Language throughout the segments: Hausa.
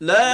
لا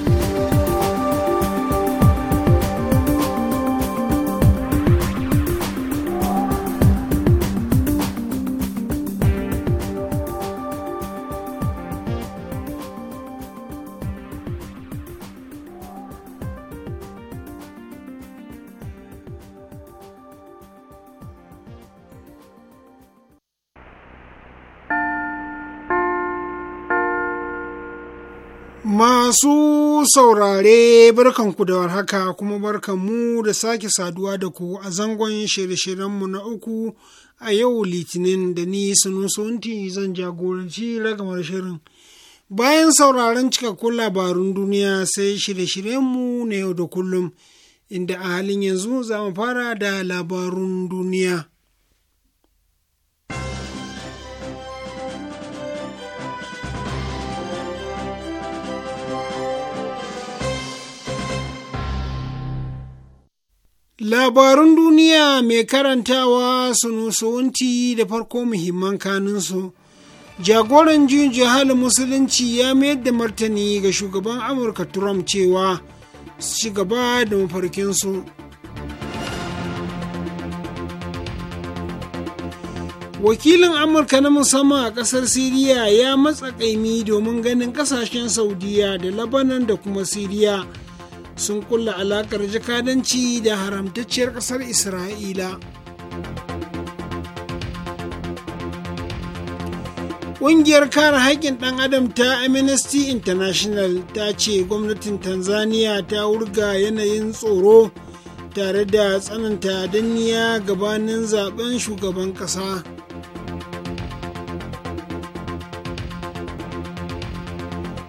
Masu saurare barkanku da haka kuma barkan mu da sake saduwa da ku a zangon shirye-shiryenmu na uku a yau litinin da ni sunusunti zan jagoranci ragamar shirin. Bayan sauraron cikakkun labarun duniya sai shirye-shiryenmu na yau da kullum inda a halin yanzu za mu fara da labarun duniya. Labarun duniya mai karantawa sunusuwunti da farko muhimman kanunsu. Jagoran jin jihalin musulunci ya mayar da martani ga shugaban Amurka Trump cewa su gaba da mafarkinsu. wakilin amurka na musamman a ƙasar siriya ya matsa ƙaimi domin ganin ƙasashen saudiya da labanan da kuma siriya sun kulla alakar jakadanci da haramtacciyar ƙasar isra'ila Ƙungiyar kare haƙƙin ɗan adam ta Amnesty International ta ce gwamnatin Tanzania ta wurga yanayin tsoro tare da tsananta danniya gabanin zaben shugaban ƙasa.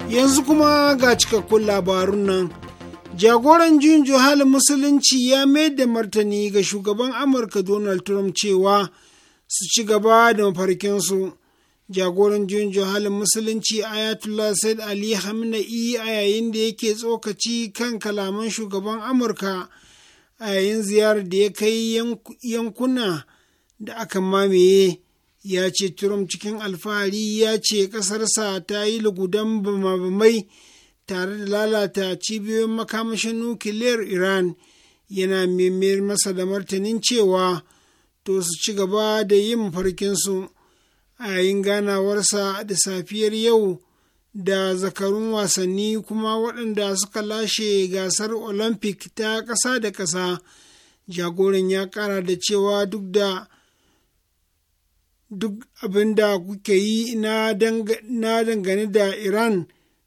Yanzu kuma ga cikakkun labarun nan. jagoran juyin halin musulunci ya maida da martani ga shugaban amurka donald trump cewa su ci gaba da mafarkinsu jagoran juyin halin musulunci ayatollah said ali hamna'i a yayin da yake tsokaci kan kalaman shugaban amurka a yayin ziyarar da ya kai yankuna da aka mamaye ya ce trump cikin alfahari ya ce kasarsa ta yi lugudan bamai tare da lalata cibiyoyin makamashin nukiliyar iran yana mimir masa da martanin cewa to su ci gaba da yin mafarkinsu a yayin ganawarsa da safiyar yau da zakarun wasanni kuma waɗanda suka lashe gasar olympic ta ƙasa da ƙasa jagoran ya ƙara da cewa duk da duk abin da kuke yi na dangane da iran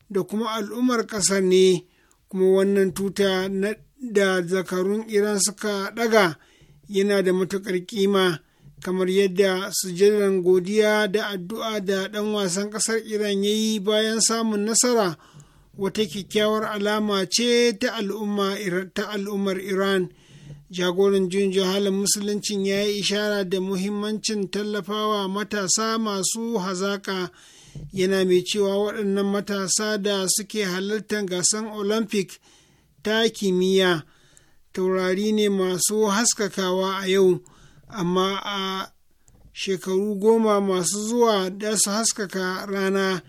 da kuma al'ummar ƙasar ne kuma wannan tuta da zakarun iran suka ɗaga yana da matuƙar kima kamar yadda sujadar godiya da addu'a da ɗan wasan ƙasar iran ya yi bayan samun nasara wata kyakkyawar alama ce ta al'ummar iran jagoran jin jihalin musuluncin ya yi ishara da muhimmancin tallafawa matasa masu hazaka. yana mai cewa waɗannan matasa da suke halartar gasan olympic ta kimiyya taurari ne masu haskakawa a yau amma a shekaru goma masu zuwa da su haskaka rana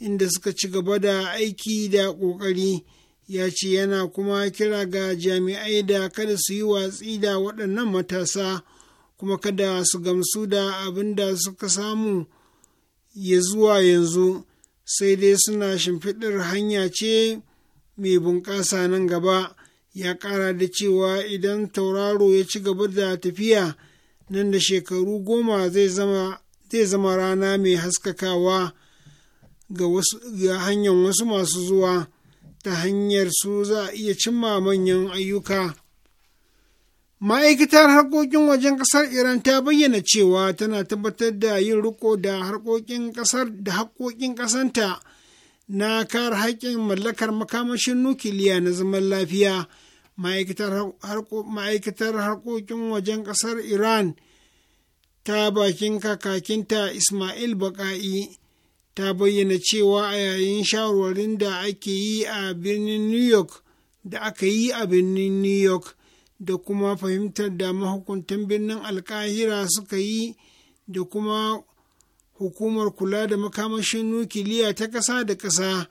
inda suka ci gaba da aiki da ƙoƙari ya ce yana kuma kira ga jami'ai da kada su yi watsi da waɗannan matasa kuma kada su gamsu da abin da suka samu ya zuwa yanzu sai dai suna shimfiɗar hanya ce mai bunƙasa nan gaba ya ƙara da cewa idan tauraro ya ci gaba da tafiya nan da shekaru goma zai zama zai zama rana mai haskakawa ga, ga hanyar wasu masu zuwa ta hanyar su za a iya cimma manyan ayyuka Ma'aikatar harkokin wajen kasar Iran ta bayyana cewa tana tabbatar da yin riko da harkokin ƙasar da haƙoƙin ƙasanta na kare haƙƙin mallakar makamashin nukiliya na zaman lafiya. Ma'aikatar harkokin wajen ƙasar Iran ta bakin kakakinta Ismail Baƙa'i ta bayyana cewa a yayin shawarwarin da ake yi a birnin New York da aka yi a birnin New York. da kuma fahimtar da mahukuntan birnin alkahira suka yi da kuma hukumar kula da makamashin nukiliya ta ƙasa da ƙasa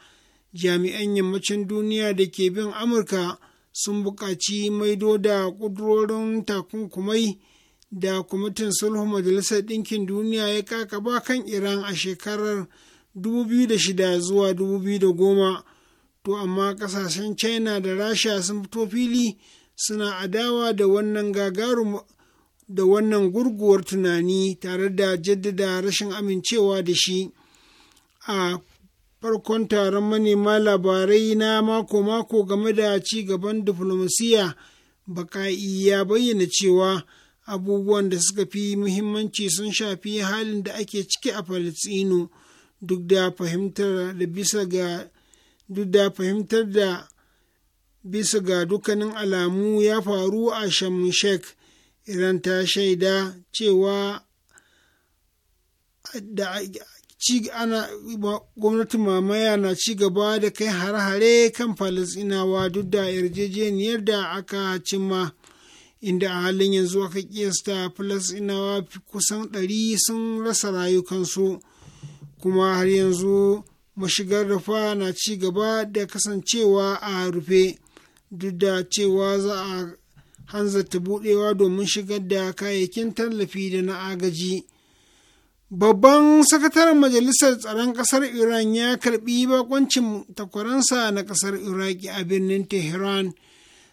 jami'an yammacin duniya da ke bin amurka sun buƙaci maido da ƙudurorin takunkumai da kwamitin sulhu majalisar ɗinkin duniya ya kakaba kan iran a shekarar 2006 zuwa 2010 to amma ƙasashen china da rasha sun fito fili suna adawa da wannan gagarum da wannan gurguwar tunani tare da jaddada rashin amincewa da shi a farkon taron manema labarai na mako-mako game da ci gaban diflomasiyya baka'i ya bayyana cewa abubuwan da suka fi muhimmanci sun shafi halin da ake ciki a falistinu duk da fahimtar da bisa ga duk da fahimtar da bisa ga dukkanin alamu ya faru a shamshek idan ta shaida cewa da gwamnatin mamaya na ci gaba da kai har hare kan falisinawa duk da yarjejeniyar da aka cimma inda a halin yanzu aka kiyasta falisinawa kusan ɗari sun rasa rayukansu kuma har yanzu mashigar rufa na cigaba da kasancewa a rufe duk da cewa za a hanzarta budewa domin shigar da kayayyakin tallafi da na agaji. Babban sakataren Majalisar Tsaron kasar Iran ya karbi bakoncin takwaransa na kasar Iraki a birnin Tehran.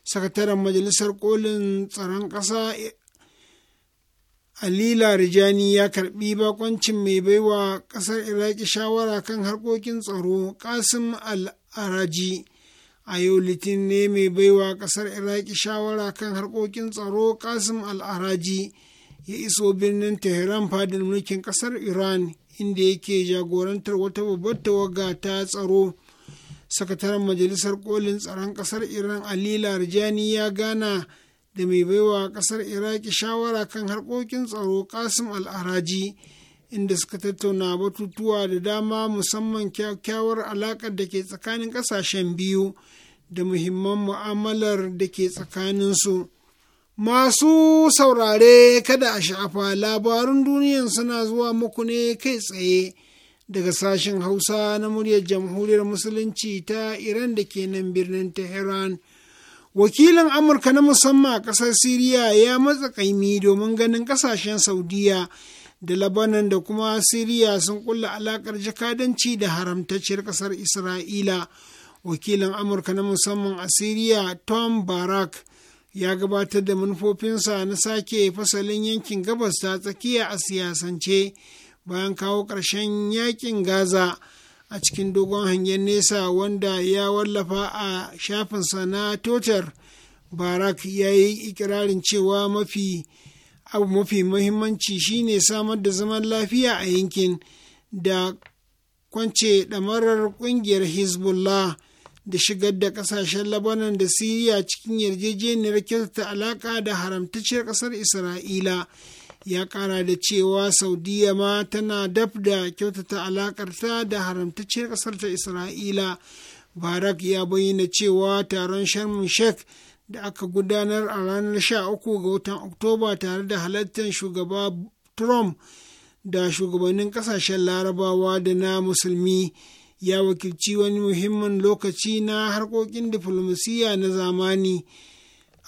Sakataren Majalisar Kolin Tsaron Ƙasa Alila Rijani ya karbi bakoncin mai baiwa kasar Iraki shawara kan harkokin tsaro Kasim Al-Araji. a yau litinin ne mai baiwa kasar iraki shawara kan harkokin tsaro kasim al'araji ya iso birnin tehran fadin mulkin kasar iran inda yake jagorantar wata babbar tawaga ta tsaro sakataren majalisar kolin tsaron kasar iran ali larjani ya gana da mai baiwa kasar iraki shawara kan harkokin tsaro kasim al'araji inda suka tattauna batutuwa da dama musamman kyakkyawar alaƙar da ke tsakanin ƙasashen biyu da muhimman mu'amalar da ke tsakaninsu. Masu saurare kada a sha'afa labarun duniyan suna zuwa muku ne kai tsaye daga sashen Hausa na muryar Jamhuriyar Musulunci ta Iran da ke nan birnin Tehran. Wakilin Amurka na musamman a ƙasar Siriya ya matsa kaimi domin ganin ƙasashen Saudiya. da Labanan da kuma Siriya sun kulla alakar jakadanci da haramtacciyar ƙasar Isra'ila. Wakilin Amurka na musamman a Siriya Tom Barak ya gabatar da manufofinsa na sake fasalin yankin gabas ta tsakiya a siyasance bayan kawo ƙarshen yakin Gaza a cikin dogon hangen nesa wanda ya wallafa a shafinsa na Totar. Barak ya yi ikirarin cewa mafi abu mafi muhimmanci shine samar da zaman lafiya a yankin da kwance ɗamarar ƙungiyar hezbollah da shigar da ƙasashen labanan da siriya cikin yarjejeniyar kyautata alaƙa da haramtacciyar ƙasar isra'ila ya ƙara da cewa saudiya ma tana daf da kyautata alaƙarta da haramtacciyar ƙasar ta isra'ila barak ya bayyana cewa taron sharmin sheikh da aka gudanar a ranar 13 ga watan Oktoba tare da halartar shugaba Trump da shugabannin kasashen larabawa da na musulmi ya wakilci wani muhimmin lokaci na harkokin diflomasiyya na zamani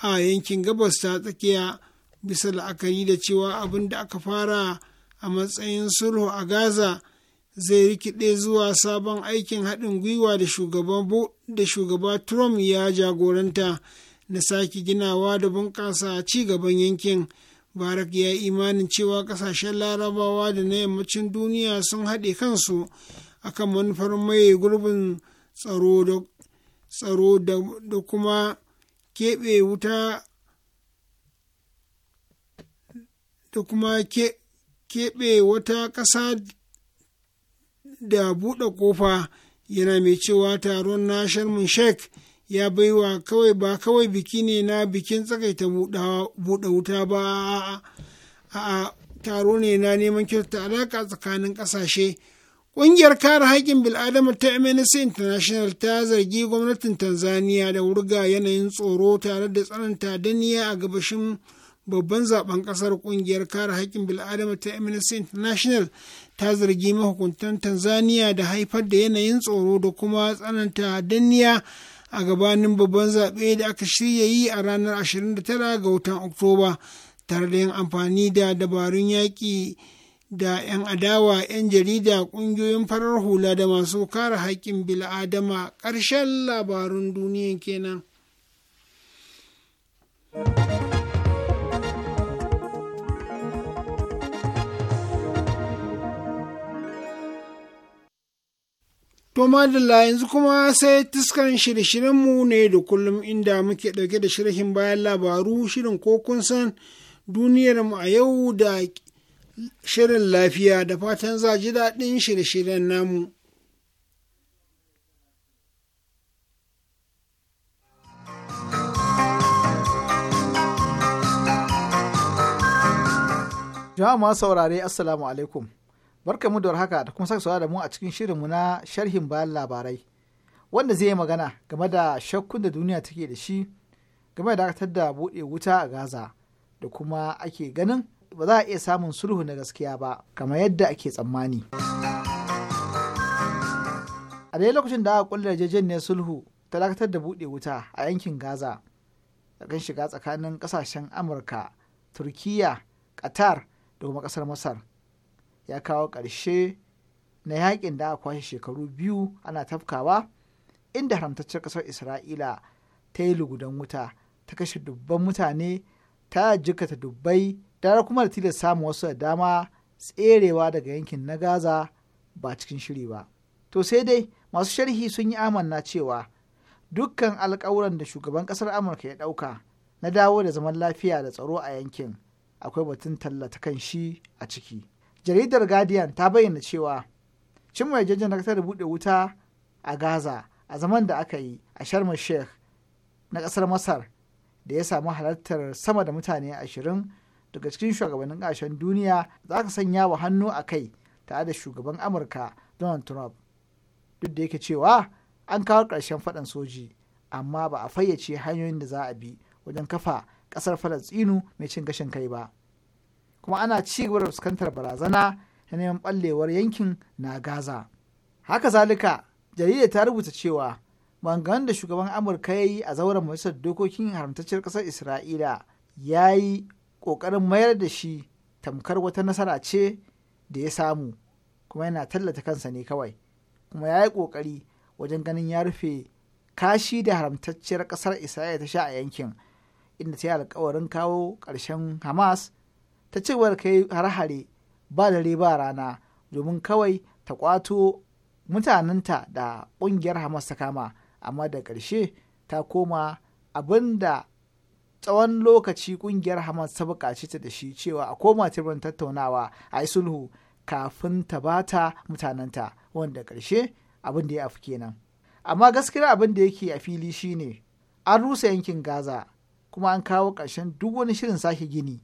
a yankin gabas ta tsakiya bisa la'akari da cewa abin da aka fara a matsayin sulhu a gaza zai rikide zuwa sabon aikin haɗin gwiwa da shugaba trump ya jagoranta na sake ginawa da bunƙasa ci gaban yankin barak ya yi imanin cewa ƙasashen larabawa da na yammacin duniya sun haɗe kansu akan manufar mai gurbin tsaro da kuma keɓe wuta da kuma keɓe wata ƙasa da buɗe ƙofa yana mai cewa taron na sharmin sheikh ya baiwa kawai ba kawai biki ne na bikin tsakaita buɗe wuta ba a taro ne na neman kyauta alaƙa tsakanin ƙasashe ƙungiyar kare haƙƙin bil'adama ta amnesty international ta zargi gwamnatin tanzania da wurga yanayin tsoro tare da tsananta daniya a gabashin babban zaben ƙasar ƙungiyar kare haƙƙin bil'adama ta mnc international ta zargi mahukuntan tanzania da haifar da yanayin tsoro da kuma tsananta danniya a gabanin babban zaɓe da aka shirya yi a ranar 29 ga watan Oktoba tare da yin amfani da dabarun yaƙi da 'yan adawa 'yan jarida ƙungiyoyin farar hula da masu kare haƙƙin bil'adama ƙarshen labarun duniya kenan. To madalla yanzu kuma sai tuskan shirye mu ne da kullum inda muke ɗauke da shirin bayan labaru shirin ko kun san duniyarmu a yau da shirin lafiya da fatan za ji daɗin shirye-shiryen namu. Jama'a saurare Assalamu alaikum. barka mu da haka da kuma saksawa da mu a cikin shirinmu na sharhin bayan labarai wanda zai yi magana game da shakkun da duniya take da shi game da dakatar da buɗe wuta a gaza da kuma ake ganin ba za a iya samun sulhu na gaskiya ba kamar yadda ake tsammani a dai lokacin da aka kulle yarjejeniyar sulhu ta dakatar da buɗe wuta a yankin gaza da kan shiga tsakanin ƙasashen amurka turkiya qatar da kuma ƙasar masar ya kawo ƙarshe na yakin da aka kwashe shekaru biyu ana tafkawa inda haramtaccen ƙasar isra'ila ta yi lugudan wuta ta kashe dubban mutane ta jikata dubbai tare kuma da tilas samun wasu da dama tserewa daga yankin na gaza ba cikin shiri ba to sai dai masu sharhi sun yi amanna cewa dukkan alkawuran da shugaban ƙasar amurka ya ɗauka na dawo da zaman lafiya da tsaro a yankin akwai batun tallata kan shi a ciki jaridar guardian ta bayyana cewa cin mai jajjan da kasar buɗe wuta a gaza a zaman da aka yi a sharma sheikh na ƙasar masar da ya samu halartar sama da mutane ashirin daga cikin shugabannin ƙasashen duniya za ka sanya wa hannu a kai tare da shugaban amurka donald trump duk da yake cewa an kawo ƙarshen faɗan soji amma ba a fayyace hanyoyin da za a bi wajen kafa ƙasar falastinu mai cin gashin kai ba. kuma ana ci gaba da fuskantar barazana ta neman ɓallewar yankin na gaza haka zalika jarida ta rubuta cewa bangan da shugaban amurka ya yi a zauren majalisar dokokin haramtacciyar ƙasar isra'ila ya yi ƙoƙarin mayar da shi tamkar wata nasara ce da ya samu kuma yana tallata kansa ne kawai kuma ya yi ƙoƙari wajen ganin ya rufe kashi da haramtacciyar ƙasar isra'ila ta sha a yankin inda ta yi alkawarin kawo ƙarshen hamas ta ci gaba kai hare-hare ba dare ba rana domin kawai ta kwato mutanenta da ƙungiyar hamas ta kama amma da ƙarshe ta koma abin da tsawon lokaci ƙungiyar hamas ta buƙaci ta da shi cewa a koma tirin tattaunawa a yi sulhu kafin ta bata mutanenta wanda ƙarshe abin da ya afi kenan amma gaskiya abin da yake a fili shine an rusa yankin gaza kuma an kawo ƙarshen duk wani shirin sake gini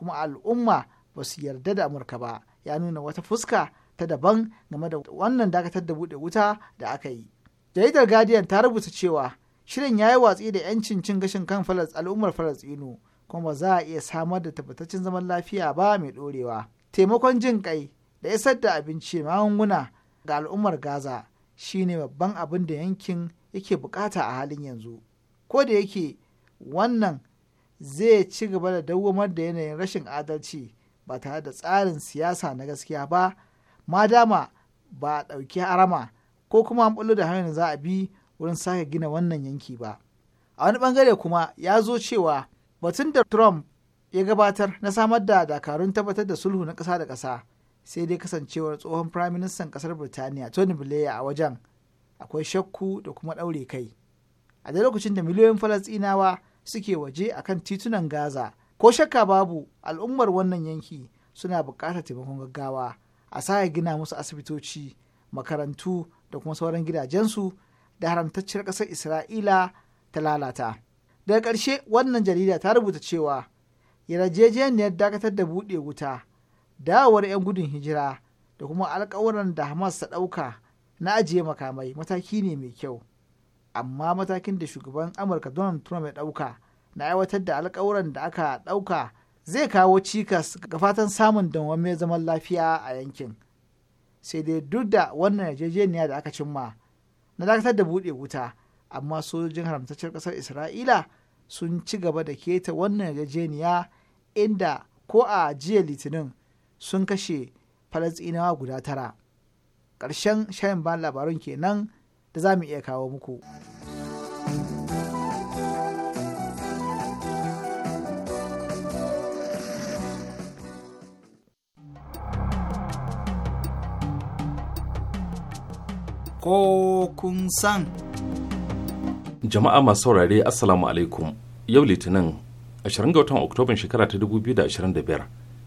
kuma al'umma ba su yarda da amurka ba ya nuna wata fuska ta daban game da wannan dakatar da buɗe wuta da aka yi jaridar guardian ta rubuta cewa shirin ya yi watsi da yancin cin gashin kan Falas al'ummar falastinu kuma ba za a iya samar da tabbataccen zaman lafiya ba mai ɗorewa taimakon jin kai da isar da abinci magunguna ga al'ummar gaza shine babban abin da yankin yake bukata a halin yanzu ko da yake wannan zai ci gaba da dawwamar da yanayin rashin adalci ba tare da tsarin siyasa na gaskiya ba ma dama ba a ɗauki harama ko kuma an da hanyar za a bi wurin sake gina wannan yanki ba a wani bangare kuma ya zo cewa batun da trump ya gabatar na samar da dakarun tabbatar da sulhu na ƙasa da ƙasa sai dai kasancewar tsohon firaministan ƙasar birtaniya tony blair a wajen akwai shakku da kuma ɗaure kai a da lokacin da miliyoyin falasɗinawa suke waje a kan titunan Gaza. Ko shakka babu al'ummar wannan yanki suna buƙatar taimakon gaggawa a sa gina musu asibitoci, makarantu da kuma sauran gidajensu da haramtacciyar ƙasar Isra'ila ta lalata. Daga ƙarshe wannan jarida ta rubuta cewa yarjejeniyar dakatar da buɗe wuta, dawowar 'yan gudun hijira da kuma alƙawuran da Hamas ta ɗauka na ajiye makamai mataki ne mai kyau. amma matakin da shugaban amurka donald trump ya ɗauka na aiwatar da alkawuran da aka ɗauka zai kawo cikas ga fatan samun mai zaman lafiya a yankin sai dai duk da wannan yarjejeniya da aka cimma na dakatar da buɗe wuta amma sojojin haramtaccen ƙasar isra'ila sun ci gaba da keta wannan yarjejeniya inda ko a jiya litinin sun kashe falastinawa guda tara ƙarshen shayin ban labarun kenan da za mu iya kawo muku. Ko kun san. Jama'a masu saurare Assalamu alaikum yau Litinin 20 ga watan Oktoban shekara ta 2025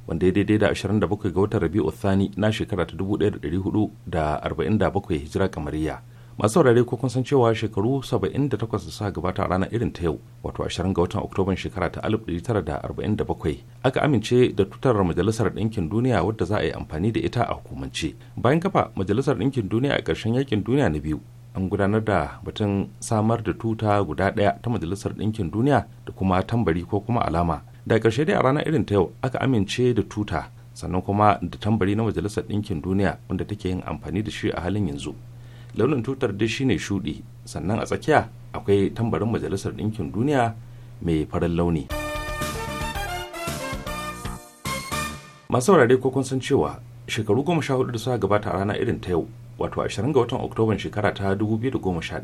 wanda ya daidai da 27 ga watan Rabi'u Thani na shekara ta 1447 Hijira kamariya. masu saurare ko kun san cewa shekaru 78 da suka gabata a ranar irin ta yau wato 20 ga watan oktoban shekara ta 1947 aka amince da tutar majalisar ɗinkin duniya wadda za a yi amfani da ita a hukumance bayan kafa majalisar ɗinkin duniya a ƙarshen yakin duniya na biyu an gudanar da batun samar da tuta guda ɗaya ta majalisar ɗinkin duniya da kuma tambari ko kuma alama da ƙarshe dai a ranar irin ta yau aka amince da tuta sannan kuma da tambari na majalisar ɗinkin duniya wanda take yin amfani da shi a halin yanzu launin tutar dai shine shuɗi sannan a tsakiya akwai tambarin majalisar ɗinkin duniya mai farin launi masu saurare ko kun san cewa shekaru goma sha hudu da suka gabata a rana irin ta yau wato 20 ga watan oktoban shekara ta 2011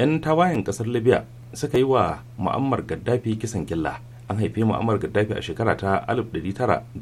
'yan tawayen kasar libya suka yi wa mu'ammar gaddafi kisan gilla an haife mu'ammar gaddafi a shekara ta 1942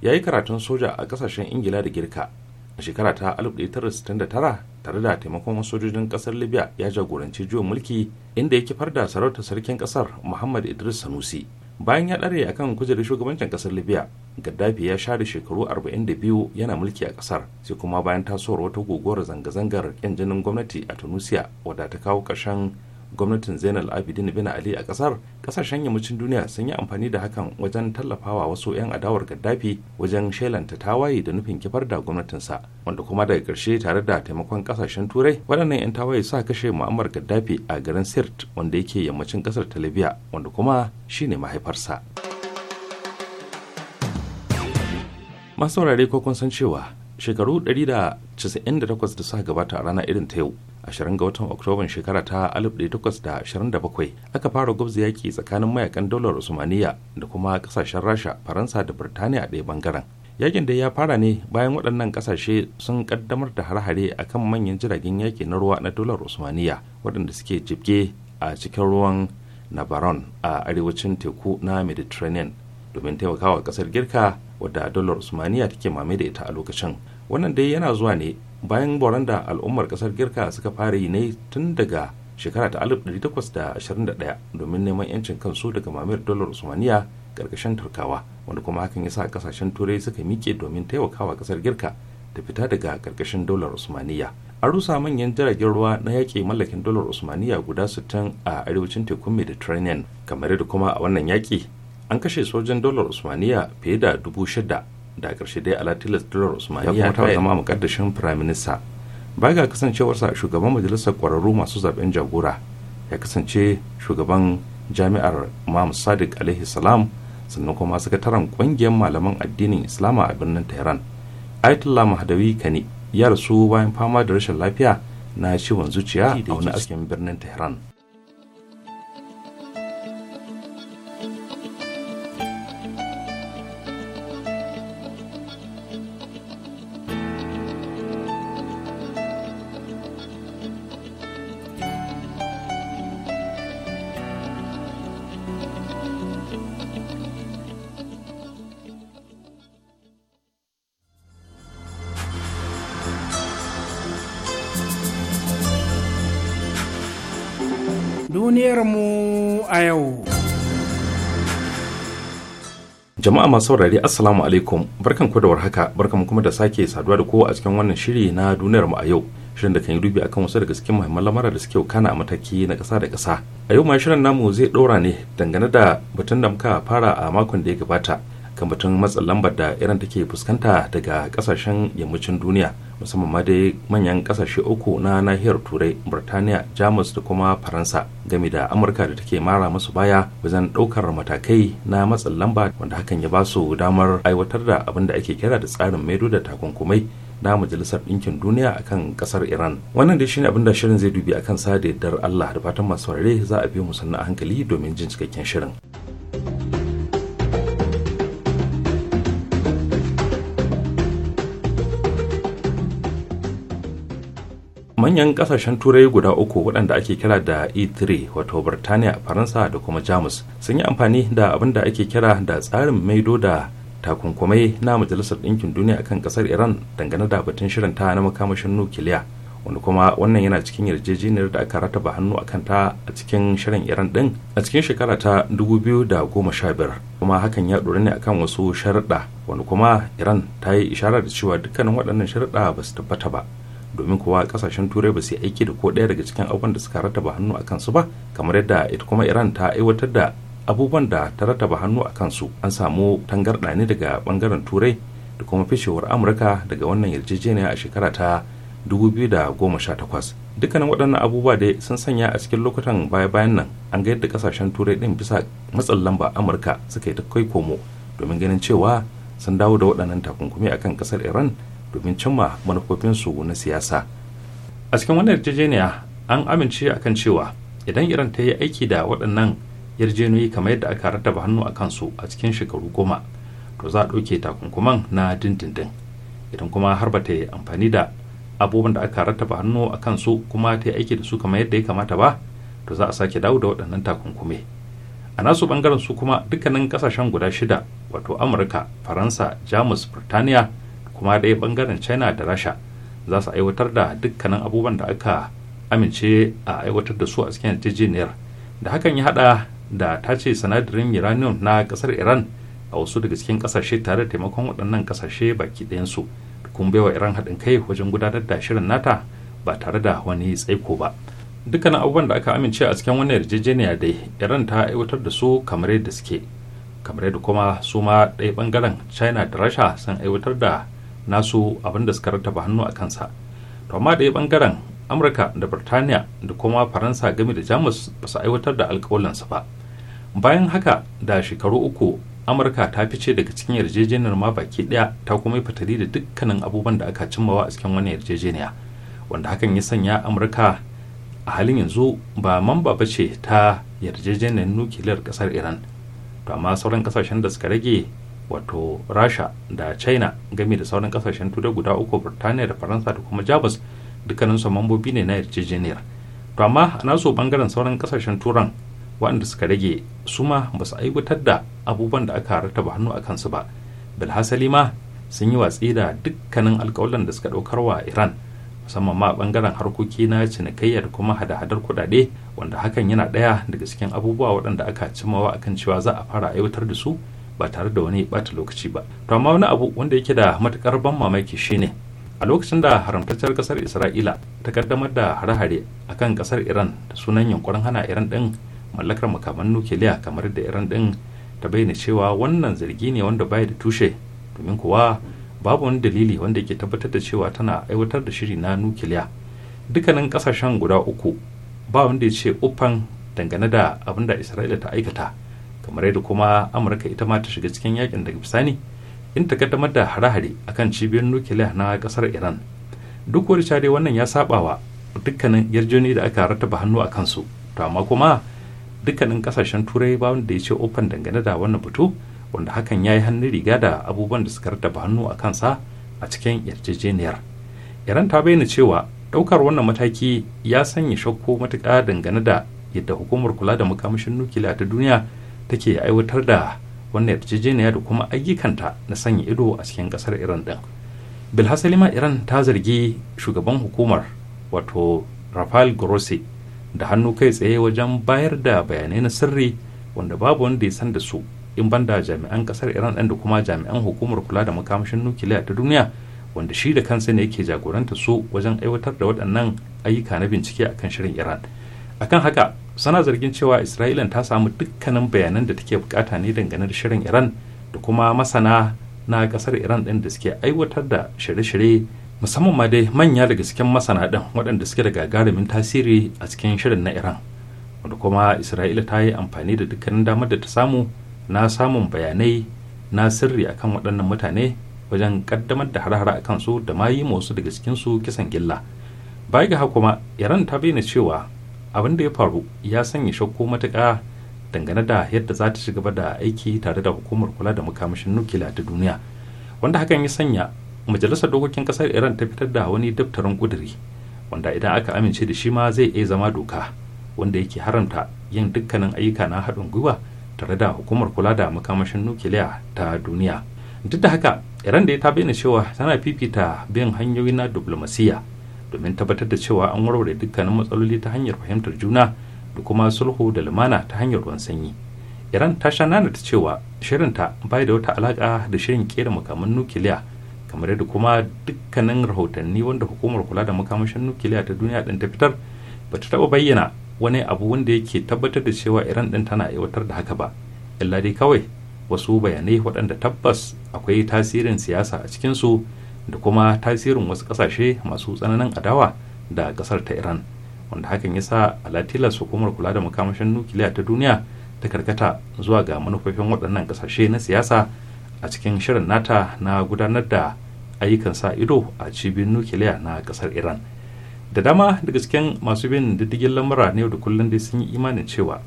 ya yi karatun soja a kasashen ingila da girka a shekara ta 1969 tare da taimakon sojojin kasar libya ya jagoranci juyin mulki inda ya kifar da sarautar sarkin kasar muhammad idris sanusi bayan ya ɗare akan kujerar shugabancin kasar libya gaddafi ya share shekaru 42 yana mulki a kasar sai kuma bayan tasowar wata guguwar zanga-zangar yan jinin gwamnati a tunisia wadda ta kawo ƙarshen gwamnatin zainal abidin bin ali a kasar kasashen yammacin duniya sun yi amfani da hakan wajen tallafawa wasu 'yan adawar gaddafi wajen shelanta tawaye da nufin kifar da gwamnatinsa wanda kuma daga karshe tare da taimakon kasashen turai waɗannan 'yan tawaye suka kashe mu'ammar gaddafi a garin sirt wanda yake yammacin kasar ta wanda kuma shine mahaifarsa masu saurare ko kun san cewa shekaru 198 da suka gabata a rana irin ta yau 20 ga watan oktoban shekara ta 1827 aka fara gwabza yaƙi tsakanin mayakan dolar usmaniya da kuma kasashen rasha faransa da birtaniya ɗaya bangaren yakin da ya fara ne bayan waɗannan ƙasashe sun ƙaddamar da harhare a kan manyan jiragen yaƙi na ruwa na dolar usmaniya waɗanda suke jibge a cikin ruwan nabaron a arewacin teku na mediterranean domin taimakawa ƙasar girka wadda dolar usmaniya take mame da ita a lokacin wannan dai yana zuwa ne bayan boran da al'ummar kasar girka suka fara yi ne tun daga shekara ta 1821 domin neman yancin kansu daga mamayar dolar usmaniya karkashin turkawa wanda kuma hakan yasa kasashen turai suka miƙe domin taimakawa kasar girka ta fita daga karkashin dolar usmaniya an rusa manyan jiragen ruwa na yaƙi mallakin dolar usmaniya guda 60 a arewacin tekun mediterranean kamar da kuma a wannan yaƙi an kashe sojan dolar usmaniya fiye da dubu shida da a ƙarshe dai ala tilas ya kuma ta zama mukaddashin firaminista ba ga kasancewarsa shugaban majalisar ƙwararru masu zaben jagora ya kasance shugaban jami'ar imam sadiq alaihi salam sannan kuma sakataren ƙungiyar malaman addinin islama a birnin tehran ayatollah mahadawi kani ya rasu bayan fama da rashin lafiya na ciwon zuciya a wani askin birnin tehran mu a yau. Jama'a masu saurari Assalamu alaikum barkan ku da warhaka barkan kuma da sake saduwa da kowa a cikin wannan shiri na duniyar mu a yau shirin da kan yi dubi akan wasu daga cikin muhimman lamura da suke kana a mataki na kasa da kasa A yau ma shirin namu zai ɗora ne dangane da batun da muka fara a makon da ya gabata kan batun matsin lambar da iran take fuskanta daga kasashen yammacin duniya musamman ma dai manyan kasashe uku na nahiyar turai burtaniya jamus da kuma faransa game da amurka da take mara masu baya wajen daukar matakai na matsin lamba wanda hakan ya ba su damar aiwatar da abin da ake kira da tsarin maido da takunkumai na majalisar ɗinkin duniya akan ƙasar iran wannan dai shine abin da shirin zai dubi akan sa da yardar allah da fatan masu za a bi mu sannan hankali domin jin cikakken shirin. manyan kasashen turai guda uku waɗanda ake kira da e3 wato birtaniya faransa da kuma jamus sun yi amfani da abin da ake kira da tsarin maido da takunkumai na majalisar ɗinkin duniya akan ƙasar iran dangane da batun shirin ta na makamashin nukiliya wanda kuma wannan yana cikin yarjejeniyar da aka rataba hannu a kanta a cikin shirin iran din a cikin shekara ta 2015 kuma hakan ya ɗori ne akan wasu sharaɗa wanda kuma iran ta yi ishara da cewa dukkanin waɗannan sharaɗa ba su tabbata ba domin kuwa kasashen turai ba su aiki da ko ɗaya daga cikin abubuwan da suka rataba hannu a kansu ba kamar yadda ita kuma iran ta aiwatar da abubuwan da ta rataba hannu a kansu an samu tangarɗa ne daga bangaren turai da kuma fishewar amurka daga wannan yarjejeniya a shekara ta 2018 dukkanin waɗannan abubuwa dai sun sanya a cikin lokutan baya-bayan nan an ga yadda kasashen turai ɗin bisa matsin lamba amurka suka yi ta kai komo domin ganin cewa sun dawo da waɗannan takunkumi akan ƙasar iran domin cimma manufofinsu na siyasa a cikin wannan yarjejeniya an amince a kan cewa idan iran ta yi aiki da waɗannan yarjejeniyoyi kamar yadda aka rattaba hannu a kansu a cikin shekaru goma to za a ɗauke takunkuman na dindindin idan kuma har ba ta yi amfani da abubuwan da aka rattaba hannu a kansu kuma ta yi aiki da su kamar yadda ya kamata ba to za a sake dawo da waɗannan takunkumi a nasu bangaren su kuma dukkanin kasashen guda shida wato amurka faransa jamus burtaniya kuma dai bangaren china da rasha za su aiwatar da dukkanin abubuwan da aka amince a aiwatar da su a cikin yarjejeniyar da hakan ya hada da tace sinadarin uranium na kasar iran a wasu daga cikin kasashe tare da taimakon waɗannan kasashe baki ɗayansu da kuma baiwa iran haɗin kai wajen gudanar da shirin nata ba tare da wani tsaiko ba dukkanin abubuwan da aka amince a cikin wannan yarjejeniya da iran ta aiwatar da su kamar yadda suke kamar yadda kuma su ma ɗaya bangaren china da rasha sun aiwatar da nasu abin da suka rattaba hannu a kansa to amma ɗaya bangaren amurka da birtaniya da kuma faransa game da jamus ba su aiwatar da alkawalansu ba bayan haka da shekaru uku amurka ta fice daga cikin yarjejeniyar ma baki ɗaya ta kuma yi fitari da dukkanin abubuwan da aka cimmawa a cikin wani yarjejeniya wanda hakan ya sanya amurka a halin yanzu ba mamba ba ce ta yarjejeniyar nukiliyar ƙasar iran to amma sauran kasashen da suka rage wato rasha da china game da sauran kasashen turai guda uku birtaniya da faransa da kuma jamus dukkaninsu mambobi ne na yarjejeniyar to amma a bangaren sauran kasashen turan waɗanda suka rage su ma ba su aiwatar da abubuwan da aka rataba hannu a kansu ba bilhassali ma sun yi watsi da dukkanin alkawalan da suka ɗaukar wa iran musamman ma a bangaren harkoki na cinikayya da kuma hada-hadar kuɗaɗe wanda hakan yana ɗaya daga cikin abubuwa waɗanda aka cimawa akan cewa za a fara aiwatar da su ba tare da wani bata lokaci ba to amma wani abu wanda yake da matukar ban mamaki shine a lokacin da haramtacciyar kasar isra'ila ta kaddamar da hare-hare kan kasar iran da sunan yunkurin hana iran din mallakar makaman nukiliya kamar da iran din ta bayyana cewa wannan zargi ne wanda baya da tushe domin kuwa babu wani dalili wanda ke tabbatar da cewa tana aiwatar da shiri na nukiliya dukkanin kasashen guda uku ba wanda ya ce uffan dangane da abin da isra'ila ta aikata kamar yadda kuma amurka ita ma ta shiga cikin yakin daga bisani in ta kaddamar da hare-hare akan cibiyar nukiliya na kasar iran duk wani share wannan ya sabawa dukkanin yarjoni da aka rattaba hannu a kansu to amma kuma dukkanin kasashen turai ba wanda ya ce open dangane da wannan batu wanda hakan ya yi hannun riga da abubuwan da suka rattaba hannu a kansa a cikin yarjejeniyar iran ta bayyana cewa daukar wannan mataki ya sanya shakku matuƙa dangane da yadda hukumar kula da makamashin nukiliya ta duniya take aiwatar da wannan yarjejeniya da kuma ayyukanta na sanya ido a cikin kasar iran din bilhassali ma iran ta zargi shugaban hukumar wato rafael grossi da hannu kai tsaye wajen bayar da bayanai na sirri wanda babu wanda ya san da su in banda jami'an kasar iran din da kuma jami'an hukumar kula da makamashin nukiliya ta duniya wanda shi da kansa ne yake jagoranta su wajen aiwatar da waɗannan ayyuka na bincike akan shirin iran akan haka sana zargin cewa isra'ilan ta samu dukkanin bayanan da take bukata ne dangane da shirin iran da kuma masana na kasar iran din da suke aiwatar da shirye-shirye musamman ma dai manya daga cikin masana din waɗanda suke da gagarumin tasiri a cikin shirin na iran wanda kuma isra'ila ta yi amfani da dukkanin damar da ta samu na samun bayanai na sirri akan waɗannan mutane wajen kaddamar da harhara akan su da ma yi wasu daga cikin su kisan gilla baya ga kuma iran ta bayyana cewa abin da ya faru ya sanya shakku matuƙa dangane da yadda za ta ci gaba da aiki tare da hukumar kula da makamashin nukiliya ta duniya wanda hakan ya sanya majalisar dokokin kasar iran ta fitar da wani daftarin kuduri wanda idan aka amince da shi ma zai iya zama doka wanda yake haramta yin dukkanin ayyuka na haɗin gwiwa tare da hukumar kula da makamashin nukiliya ta duniya duk da haka iran da ya ta bayyana cewa tana fifita bin hanyoyi na diplomasiyya domin tabbatar da cewa an warware dukkanin matsaloli ta hanyar fahimtar juna da kuma sulhu da lumana ta hanyar ruwan sanyi iran ta sha nana ta cewa shirinta bai da wata alaka da shirin kera makaman nukiliya kamar yadda kuma dukkanin rahotanni wanda hukumar kula da makamashin nukiliya ta duniya din ta fitar ba ta taba bayyana wani abu wanda yake tabbatar da cewa iran din tana aiwatar da haka ba illa dai kawai wasu bayanai waɗanda tabbas akwai tasirin siyasa a cikinsu da kuma tasirin wasu kasashe masu tsananin adawa da kasar ta iran wanda hakan ya sa alatilas hukumar kula da makamashin nukiliya ta duniya ta karkata zuwa ga manufofin waɗannan kasashe na siyasa a cikin shirin nata na gudanar da ayyukan sa ido a cibin nukiliya na kasar iran da dama daga cikin masu bin diddigin lamura ne da kullum dai sun yi imanin cewa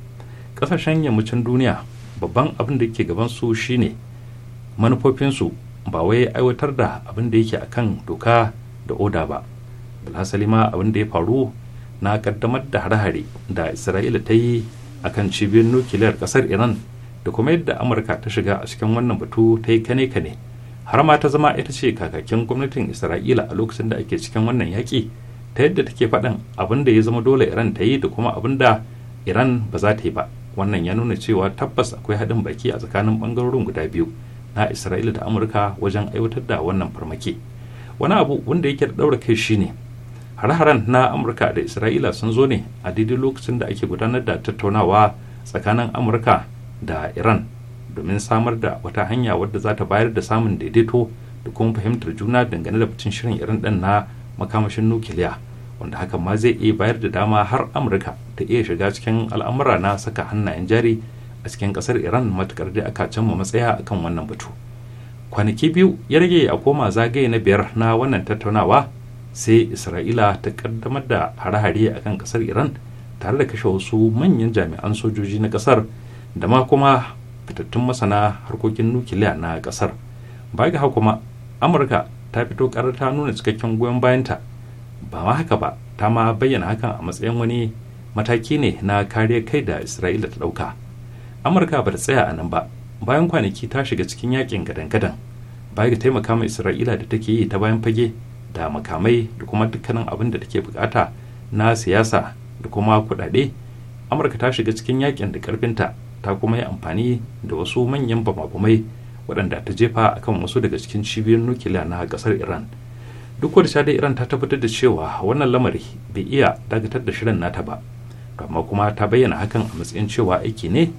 kasashen yammacin duniya babban abin da ke gaban su shine manufofinsu ba wai aiwatar da abin da yake akan doka da oda ba bilhassali ma abin da ya faru na kaddamar da hare-hare da isra'ila ta yi a kan cibiyar nukiliyar kasar iran da kuma yadda amurka ta shiga a cikin wannan batu ta yi kane-kane har ma ta zama ita ce kakakin gwamnatin isra'ila a lokacin da ake cikin wannan yaƙi ta yadda take faɗin abin da ya zama dole iran ta yi da kuma abin da iran ba za ta yi ba wannan ya nuna cewa tabbas akwai haɗin baki a tsakanin ɓangarorin guda biyu na isra'ila da amurka wajen aiwatar da wannan farmaki wani abu wanda yake da ɗaura kai shine hare-haren na amurka da isra'ila sun zo ne a daidai lokacin da ake gudanar da tattaunawa tsakanin amurka da iran domin samar da wata hanya wadda za ta bayar da samun daidaito da kuma fahimtar juna dangane da batun shirin iran ɗin na makamashin nukiliya wanda hakan ma zai iya bayar da dama har amurka ta iya shiga cikin al'amura na saka hannayen jari a cikin kasar iran matukar da aka cimma matsaya akan wannan batu kwanaki biyu ya rage a koma zagaye na biyar na wannan tattaunawa sai isra'ila ta kaddamar da hare-hare kan kasar iran tare da kashe wasu manyan jami'an sojoji na kasar da ma kuma fitattun masana harkokin nukiliya na kasar baya ga kuma amurka ta fito karar ta nuna cikakken goyon bayanta ba ma haka ba ta ma bayyana hakan a matsayin wani mataki ne na kariyar kai da isra'ila ta ɗauka amurka ba ta tsaya a nan ba bayan kwanaki ta shiga cikin yakin gadan-gadan baya ga taimaka ma isra'ila da take yi ta bayan fage da makamai da kuma dukkanin abin da take bukata na siyasa da kuma kudade amurka ta shiga cikin yakin da karfinta ta kuma yi amfani da wasu manyan bamabamai waɗanda ta jefa a kan wasu daga cikin cibiyar nukiliya na ƙasar iran duk wadda sha iran ta tabbatar da cewa wannan lamari bai iya dakatar da shirin nata ba amma kuma ta bayyana hakan a matsayin cewa aiki ne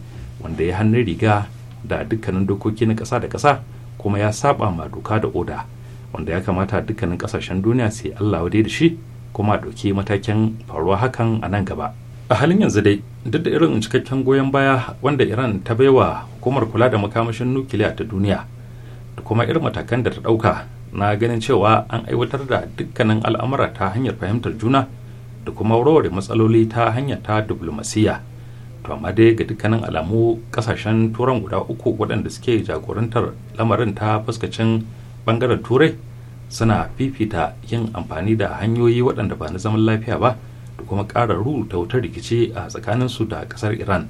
wanda ya hannun riga da dukkanin dokoki na ƙasa da ƙasa kuma ya saba ma doka da oda wanda ya kamata dukkanin ƙasashen duniya sai allah wadai da shi kuma a ɗauki matakin faruwa hakan a nan gaba a halin yanzu dai duk da irin cikakken goyon baya wanda iran ta bai wa hukumar kula da makamashin nukiliya ta duniya da kuma irin matakan da ta ɗauka na ganin cewa an aiwatar da dukkanin al'amura ta hanyar fahimtar juna da kuma warware matsaloli ta hanyar ta diflomasiyya to amma dai ga dukkanin alamu kasashen turan guda uku waɗanda suke jagorantar lamarin ta fuskacin bangaren turai suna fifita yin amfani da hanyoyi waɗanda ba na zaman lafiya ba da kuma ƙara ruru wutar rikici a tsakanin su da ƙasar iran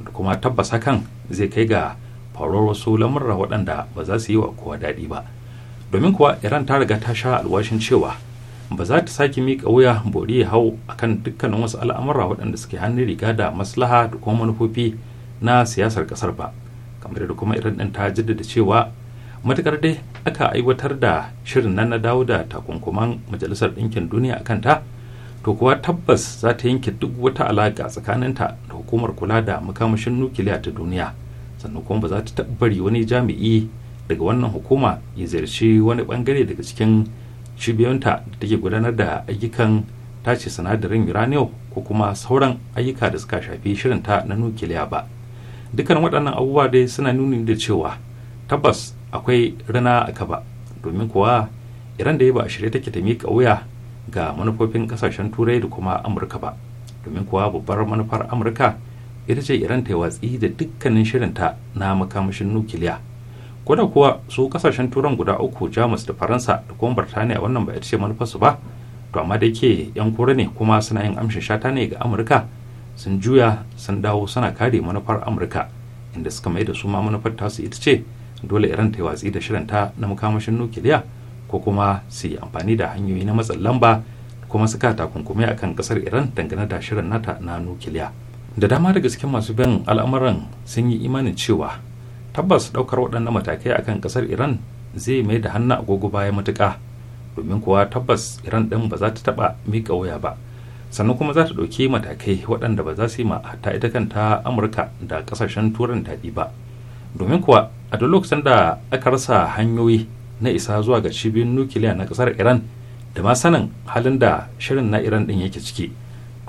da kuma tabbas hakan zai kai ga faruwar wasu lamurra waɗanda ba za su yi wa kowa daɗi ba domin kuwa iran ta riga ta sha alwashin cewa ba za ta sake miƙa wuya bori ya hau akan dukkanin wasu al'amura waɗanda suke hannun riga da maslaha da kuma manufofi na siyasar ƙasar ba kamar da kuma irin ɗin ta jaddada cewa matuƙar dai aka aiwatar da shirin nan na dawo da takunkuman majalisar ɗinkin duniya a kanta to kuwa tabbas za ta yanke duk wata alaƙa tsakaninta da hukumar kula da makamashin nukiliya ta duniya sannan kuma ba za ta bari wani jami'i daga wannan hukuma ya ziyarci wani ɓangare daga cikin cibiyonta da take gudanar da ayyukan tace sinadarin uranium ko kuma sauran ayyuka da suka shafi shirinta na nukiliya ba dukan waɗannan abubuwa dai suna nuni da cewa tabbas akwai rana a kaba domin kuwa iran da ya ba a shirye take ta miƙa wuya ga manufofin ƙasashen turai da kuma amurka ba domin kuwa babbar manufar amurka ita ce iran ta yi watsi da dukkanin shirinta na makamashin nukiliya koda kuwa su kasashen turan guda uku jamus da faransa da kuma birtaniya wannan ba ita ce manufarsu ba to amma da ke yan kura ne kuma suna yin amshin shata ne ga amurka sun juya sun dawo suna kare manufar amurka inda suka mai da su ma manufar tasu ita ce dole iran ta yi watsi da ta na makamashin nukiliya ko kuma su yi amfani da hanyoyi na matsin lamba kuma suka takunkumi akan kasar iran dangane da shirin nata na nukiliya da dama daga cikin masu bin al'amuran sun yi imanin cewa tabbas ɗaukar waɗannan matakai akan ƙasar iran zai mai da hannu agogo baya matuƙa domin kuwa tabbas iran ɗin ba za ta taɓa miƙa wuya ba sannan kuma za ta ɗauki matakai waɗanda ba za su yi ma ta ita kanta amurka da ƙasashen turan daɗi ba domin kuwa a duk lokacin da aka rasa hanyoyi na isa zuwa ga cibiyoyin nukiliya na ƙasar iran da ma sanin halin da shirin na iran ɗin yake ciki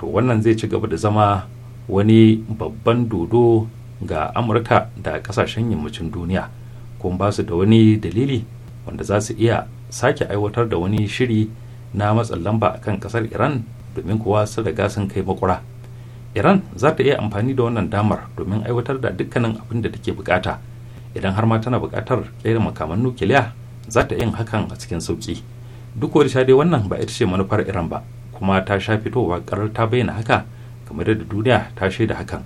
to wannan zai ci gaba da zama wani babban dodo ga amurka da kasashen yammacin duniya kuma ba su da wani dalili wanda za su iya sake aiwatar da wani shiri na matsin lamba a kan kasar iran domin kuwa su riga sun kai makura iran za ta iya amfani da wannan damar domin aiwatar da dukkanin abin da take bukata idan har ma tana bukatar ɗaya makaman nukiliya za ta yin hakan a cikin sauki duk wani dai wannan ba ita ce manufar iran ba kuma ta sha fitowa karar ta bayyana haka kamar da duniya ta shaida hakan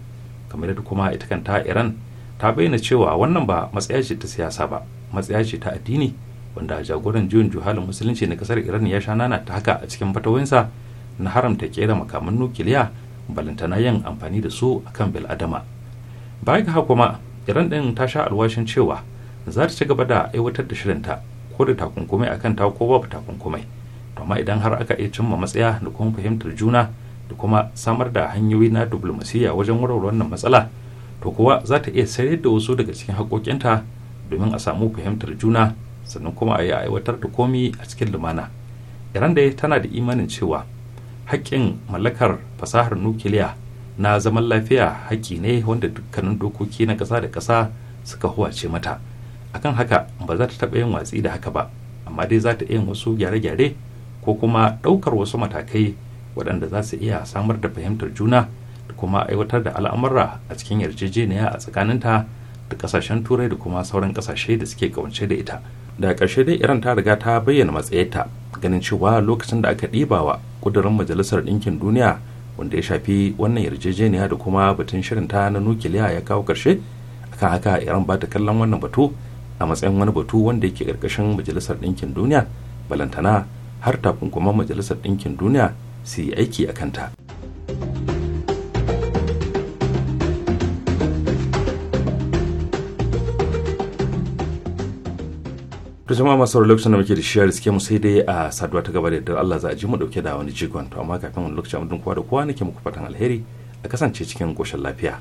kamar yadda kuma ita kanta iran ta bayyana cewa wannan ba matsaya ce ta siyasa ba matsaya ce ta addini wanda jagoran juyin juhalin musulunci na kasar iran ya sha nana ta haka a cikin fatawinsa na haramta kera makaman nukiliya balantana yin amfani da su akan bil'adama baya ga kuma iran din ta sha alwashin cewa za ta ci gaba da aiwatar da shirinta ko da takunkumai akan ta ko babu takunkumai to amma idan har aka iya cimma matsaya da kuma fahimtar juna da kuma samar da hanyoyi na diplomasiya wajen warware wannan matsala to kuwa za ta iya sayar da wasu daga cikin haƙoƙinta domin a samu fahimtar juna sannan kuma a yi aiwatar da komi a cikin lumana iran dai tana da imanin cewa haƙƙin mallakar fasahar nukiliya na zaman lafiya haƙƙi ne wanda dukkanin dokoki na ƙasa da ƙasa suka huwace mata akan haka ba za ta taɓa yin watsi da haka ba amma dai za ta iya wasu gyare-gyare ko kuma ɗaukar wasu matakai waɗanda za su iya samar da fahimtar juna da kuma aiwatar da al'amurra a cikin yarjejeniya a tsakaninta da ƙasashen turai da kuma sauran ƙasashe da suke kawance da ita da ƙarshe dai iran ta riga ta bayyana matsayinta ganin cewa lokacin da aka ɗiba wa ƙudurin majalisar ɗinkin duniya wanda ya shafi wannan yarjejeniya da kuma batun shirinta na nukiliya ya kawo ƙarshe akan haka iran ba ta kallon wannan batu a matsayin wani batu wanda yake ƙarƙashin majalisar ɗinkin duniya balantana har takunkuman majalisar ɗinkin duniya su yi aiki a kanta to jama'a masu lokacin da muke da shiyar suke mu sai dai a saduwa ta gaba da yadda Allah za a ji mu dauke da wani jigon to amma kafin wani lokacin mu kowa da kowa nake muku fatan alheri a kasance cikin koshin lafiya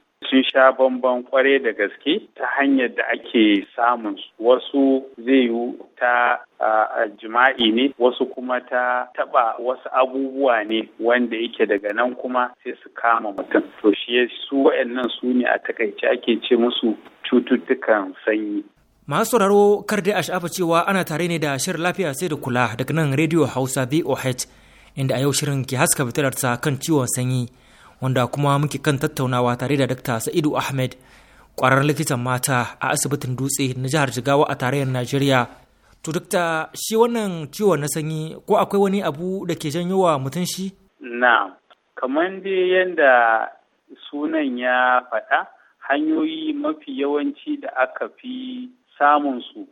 sun sha bamban kware da gaske ta hanyar da ake samun wasu zai yi ta jima'i ne wasu kuma ta taba wasu abubuwa ne wanda yake daga nan kuma sai su kama mutum to shi su waɗannan su ne a takaice ake ce musu cututtukan sanyi masu sauraro kar dai a sha'afa cewa ana tare ne da shirin lafiya sai da kula daga nan rediyo hausa voh inda a yau shirin ke haska fitilarsa kan ciwon sanyi wanda kuma muke kan tattaunawa tare da Dr. Sa'idu Ahmed ƙwararren likitan mata a asibitin dutse na jihar Jigawa a tarayyar Najeriya. To Dr. shi wannan ciwon na sanyi ko akwai wani abu da ke janyo wa mutum shi? Na, kamar dai yadda sunan ya faɗa hanyoyi mafi yawanci da aka fi samun su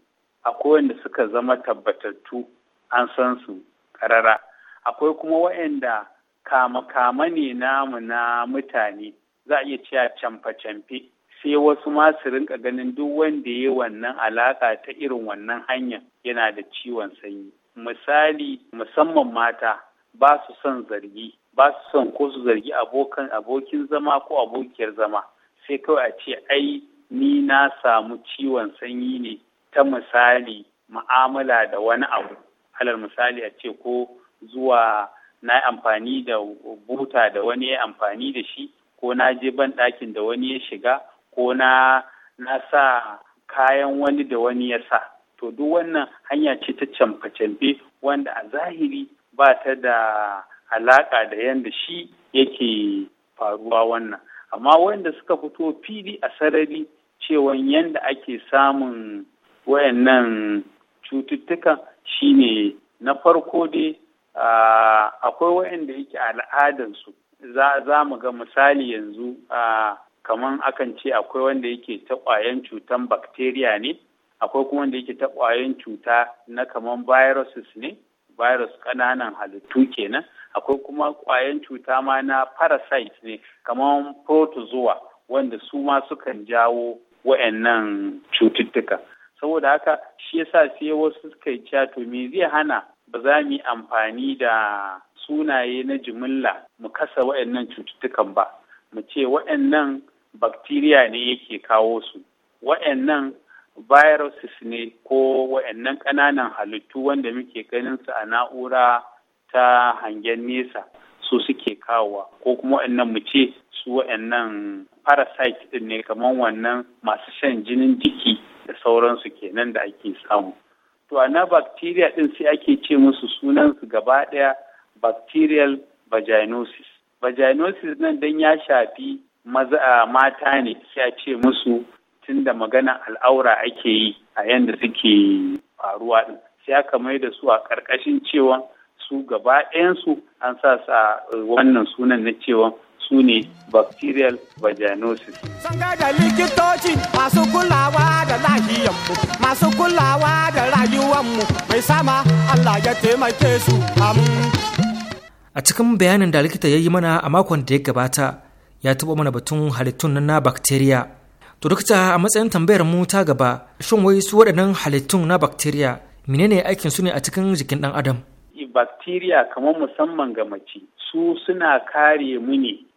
akwai wanda suka zama tabbatattu an san su ƙarara akwai kuma waɗanda kama-kama ne namu na mutane za a iya cewa camfe-camfe sai wasu ma su rinka ganin duk wanda ya wannan alaka ta irin wannan hanya yana da ciwon sanyi misali musamman mata ba su son zargi ba su son ko su zargi abokan abokin zama ko abokiyar zama sai kawai a ce ai ni na samu ciwon sanyi ne ta misali ma'amala da wani abu alal misali a ce ko zuwa na amfani da buta da wani ya amfani da shi ko na je ban ɗakin da wani ya shiga ko na sa kayan wani da wani ya sa to duk wannan hanya ce ta camfe-camfe wanda a zahiri ba ta da alaƙa da yadda shi yake faruwa wannan amma wanda suka fito fili a sarari cewan yadda ake samun wayannan cututtukan shine na farko dai Ah, akwai waɗanda yake al'adansu za mu ga misali yanzu ah, kamar akan ce akwai wanda yake ta ƙwayan cutan bakteriya ne akwai kuma wanda yake ta ƙwayan cuta na kamar viruses ne virus ƙananan halittu kenan akwai kuma ƙwayan cuta ma na parasite ne kamar protozoa wanda su ma sukan jawo wa'annan cututtuka saboda haka shi yasa sai wasu suka yi cato me zai hana ba za mu yi amfani da sunaye na jimilla mu kasa waɗannan cututtukan ba mu ce waɗannan bakteriya ne yake kawo su waɗannan viruses ne ko waɗannan ƙananan halittu wanda muke ganin su a na'ura ta hangen nesa su suke kawowa ko kuma waɗannan mu ce su waɗannan parasite ne kamar wannan masu shan jinin jiki da sauransu kenan da ake samu. to na bacteria din sai ake ce musu sunan su gaba ɗaya bacterial vaginosis vaginosis nan dan ya shafi maza mata ne sai a ce musu tunda magana al'aura ake yi a yadda suke faruwa din sai aka mai da su a ƙarƙashin cewa su gaba ɗayansu an sa sa eh, wannan sunan na cewa su ne bacterial vaginosis. Sanga da likitoci masu kulawa da lahiyanmu, masu kulawa da rayuwanmu mai sama Allah ya taimake su A cikin bayanin da likita ya yi mana a makon da ya gabata ya taɓa mana batun halittun na bacteria. To likita, a matsayin tambayar mu ta gaba shin wai su waɗannan halittun na bacteria menene aikin su ne a cikin jikin ɗan adam? Bacteria kamar musamman ga mace su suna kare mu ne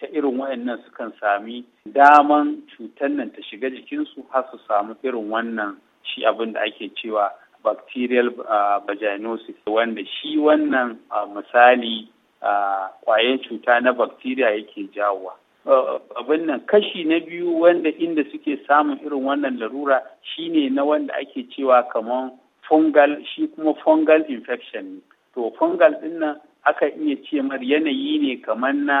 ta irin wayannan sukan sami daman cutar nan ta shiga jikinsu har su samu irin wannan shi abin da ake cewa bacterial ah, vaginosis wanda shi wannan ah, misali kwayan ah, cuta na bacteria yake jawowa. abin nan kashi na biyu wanda inda suke samun irin wannan larura shine na wanda ake cewa kamar fungal shi kuma fungal infection to fungal din aka iya ce mar yanayi ne kamar na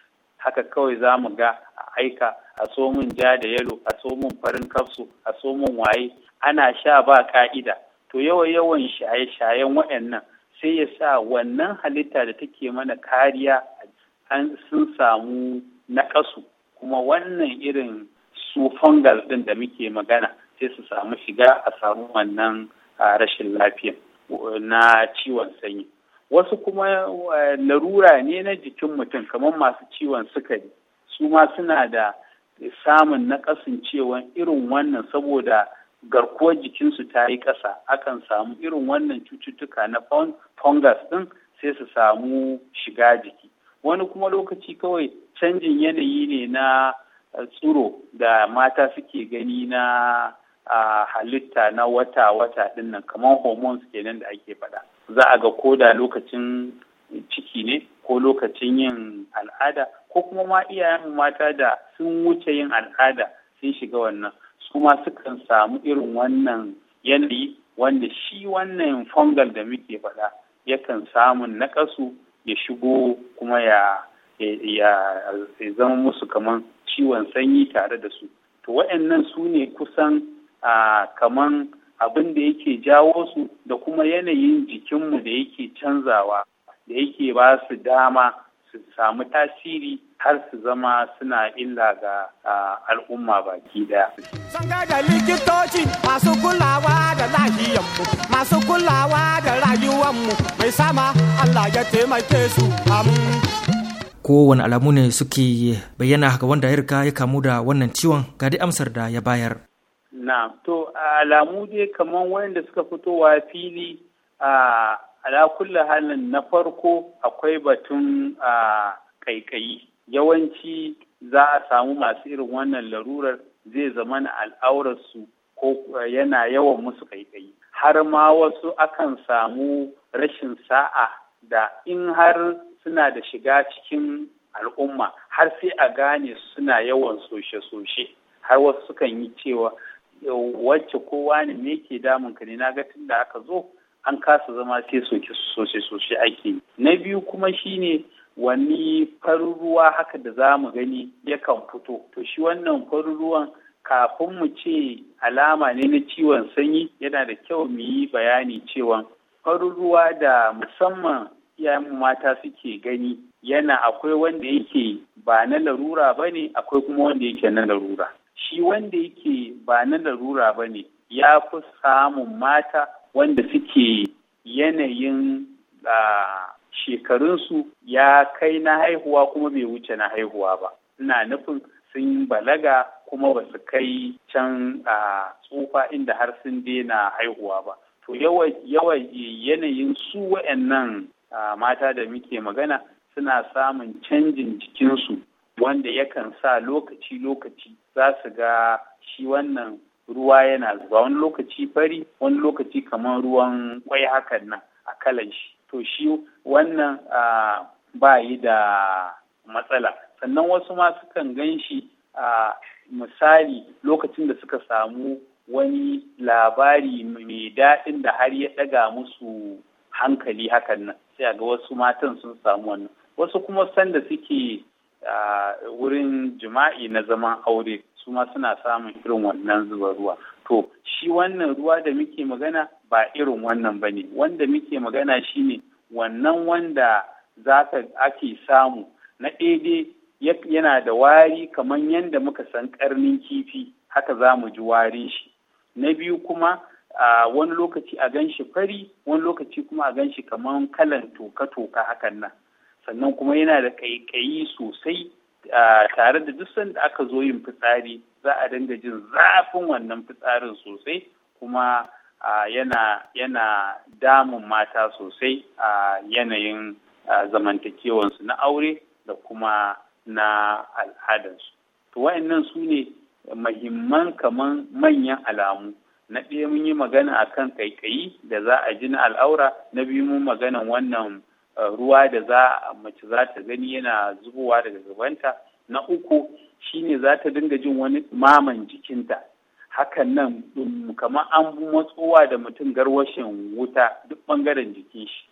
haka kawai za mu ga a aika a so ja da yalo a so farin kafsu a so waye ana sha ba ka'ida to yawan yawan shaye-shayen waɗannan sai ya sa wannan halitta da take mana kariya an sun samu naƙasu kuma wannan irin su fungal ɗin da muke magana sai su samu shiga a samu wannan rashin lafiya na ciwon sanyi. wasu kuma eh, larura ne na jikin mutum kamar masu ciwon sukari su ma suna da samun na kasancewan irin wannan saboda garkuwar jikinsu ta yi ƙasa akan samu irin wannan cututtuka na fungus ɗin sai su samu shiga jiki wani kuma lokaci kawai canjin yanayi ne na eh, tsiro da mata suke gani na a halitta na wata-wata ɗinnan kamar hormones kenan da ake faɗa za a ga ko da lokacin ciki ne ko lokacin yin al'ada ko kuma ma iyayen mata da sun wuce yin al'ada sun shiga wannan su ma sukan samu irin wannan yanayi wanda shi wannan fungal da muke faɗa yakan samun naƙasu ya shigo kuma ya zama musu kamar ciwon sanyi tare da su to waɗannan su ne kusan a kaman abin da yake jawo su da kuma yanayin jikinmu da yake canzawa da yake ba su dama su samu tasiri har su zama suna illa ga al'umma baki daya. Sun da likitoci masu kulawa da lahiyanmu, masu kulawa da rayuwanmu mai sama Allah ya taimake su Kowane alamu ne suke bayyana ga wanda ya riga ya kamu da wannan ciwon ga amsar da ya bayar. na to alamu dai kamar wanda suka fitowa fili a alakulla halin na farko akwai batun a kaikayi yawanci za a samu masu irin wannan larurar zai zama na al'aurarsu ko yana yawan musu kaikayi har ma wasu akan samu rashin sa'a da in har suna da shiga cikin al'umma har sai a gane suna yawan soshe-soshe har wasu sukan yi cewa wacce kowa ne me ke damun ka ne na ga tun da aka zo an kasa zama sai soke sosai sosai ake na biyu kuma shine wani farin ruwa haka da za mu gani yakan fito to shi wannan farin ruwan kafin mu ce alama ne na ciwon sanyi yana da kyau mu yi bayani cewa farin ruwa da musamman iyayen mata suke gani yana akwai wanda yake ba na larura ba ne akwai kuma wanda yake na larura shi wanda yake ba na larura ba ne ya fi samun mata wanda suke yanayin shekarunsu ya kai na haihuwa kuma bai wuce na haihuwa ba ina nufin sun balaga kuma ba su kai can a tsufa inda har sun daina haihuwa ba to yawa yanayin su wa'annan mata da muke magana suna samun canjin jikinsu wanda yakan sa lokaci-lokaci za su ga shi wannan ruwa yana zuwa wani lokaci fari wani lokaci kamar ruwan kwai hakan nan a kalan shi to shi wannan ba yi da matsala sannan wasu ma sukan gan shi a misali lokacin da suka samu wani labari mai daɗin da har ya ɗaga musu hankali hakan nan sai ga wasu matan sun samu wannan wasu kuma sanda suke wurin jima'i na zaman aure su ma suna samun irin wannan zuba ruwa to shi wannan ruwa da muke magana ba irin wannan ba ne wanda muke magana shine wannan wanda za ka ake samu na ɗaiɗe yana da wari kamar yadda muka san karnin kifi haka za mu ji warin shi na biyu kuma a wani lokaci a gan shi fari wani lokaci kuma a gan shi kamar kalan toka-toka hakan nan sannan kuma yana da kaikayi sosai tare da duk sanda aka zo yin fitsari za a dinga jin zafin wannan fitsarin sosai kuma yana yana damun mata sosai a yanayin zamantakewansu na aure da kuma na al'adarsu to wa'annan su ne mahimman kamar manyan alamu na ɗaya mun yi magana akan kaikayi da za a ji na al'aura na biyu mun magana wannan Eh, ruwa da za mace za ta gani yana zubowa daga gabanta na uku shine za ta dinga jin wani maman jikinta hakan nan kamar an matsowa da mutum garwashin wuta duk bangaren jikin shi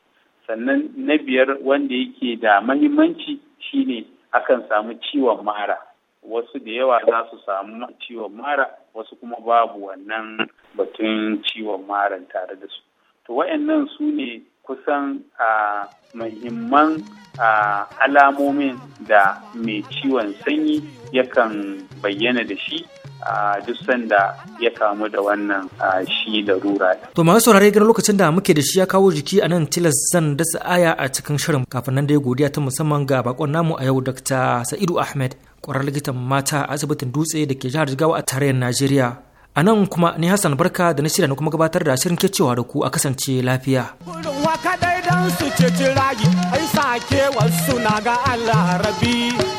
sannan na biyar wanda yake da mahimmanci shine akan samu ciwon mara wasu da yawa za su samu ciwon mara wasu kuma babu wannan batun ciwon mara tare da su to wayannan su ne kusan a muhimman alamomin da mai ciwon sanyi yakan bayyana da shi a duk sanda ya kamu da wannan shi da rura To masu saurare ganin lokacin da muke da shi ya kawo jiki a nan tilas zan dasa aya a cikin shirin kafin nan da ya godiya ta musamman ga bakon namu a yau Dr. Sa'idu Ahmed, ƙwarar likitan mata a asibitin dutse da ke jihar Jigawa a tarayyar Najeriya. A nan kuma ni Hassan Barka da na shirya na kuma gabatar da shirin cewa da ku a kasance lafiya. Kurwa kaɗai dan su ceci rayu, ai sake wasu na ga Allah rabi.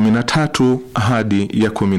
13 hadi ya 15.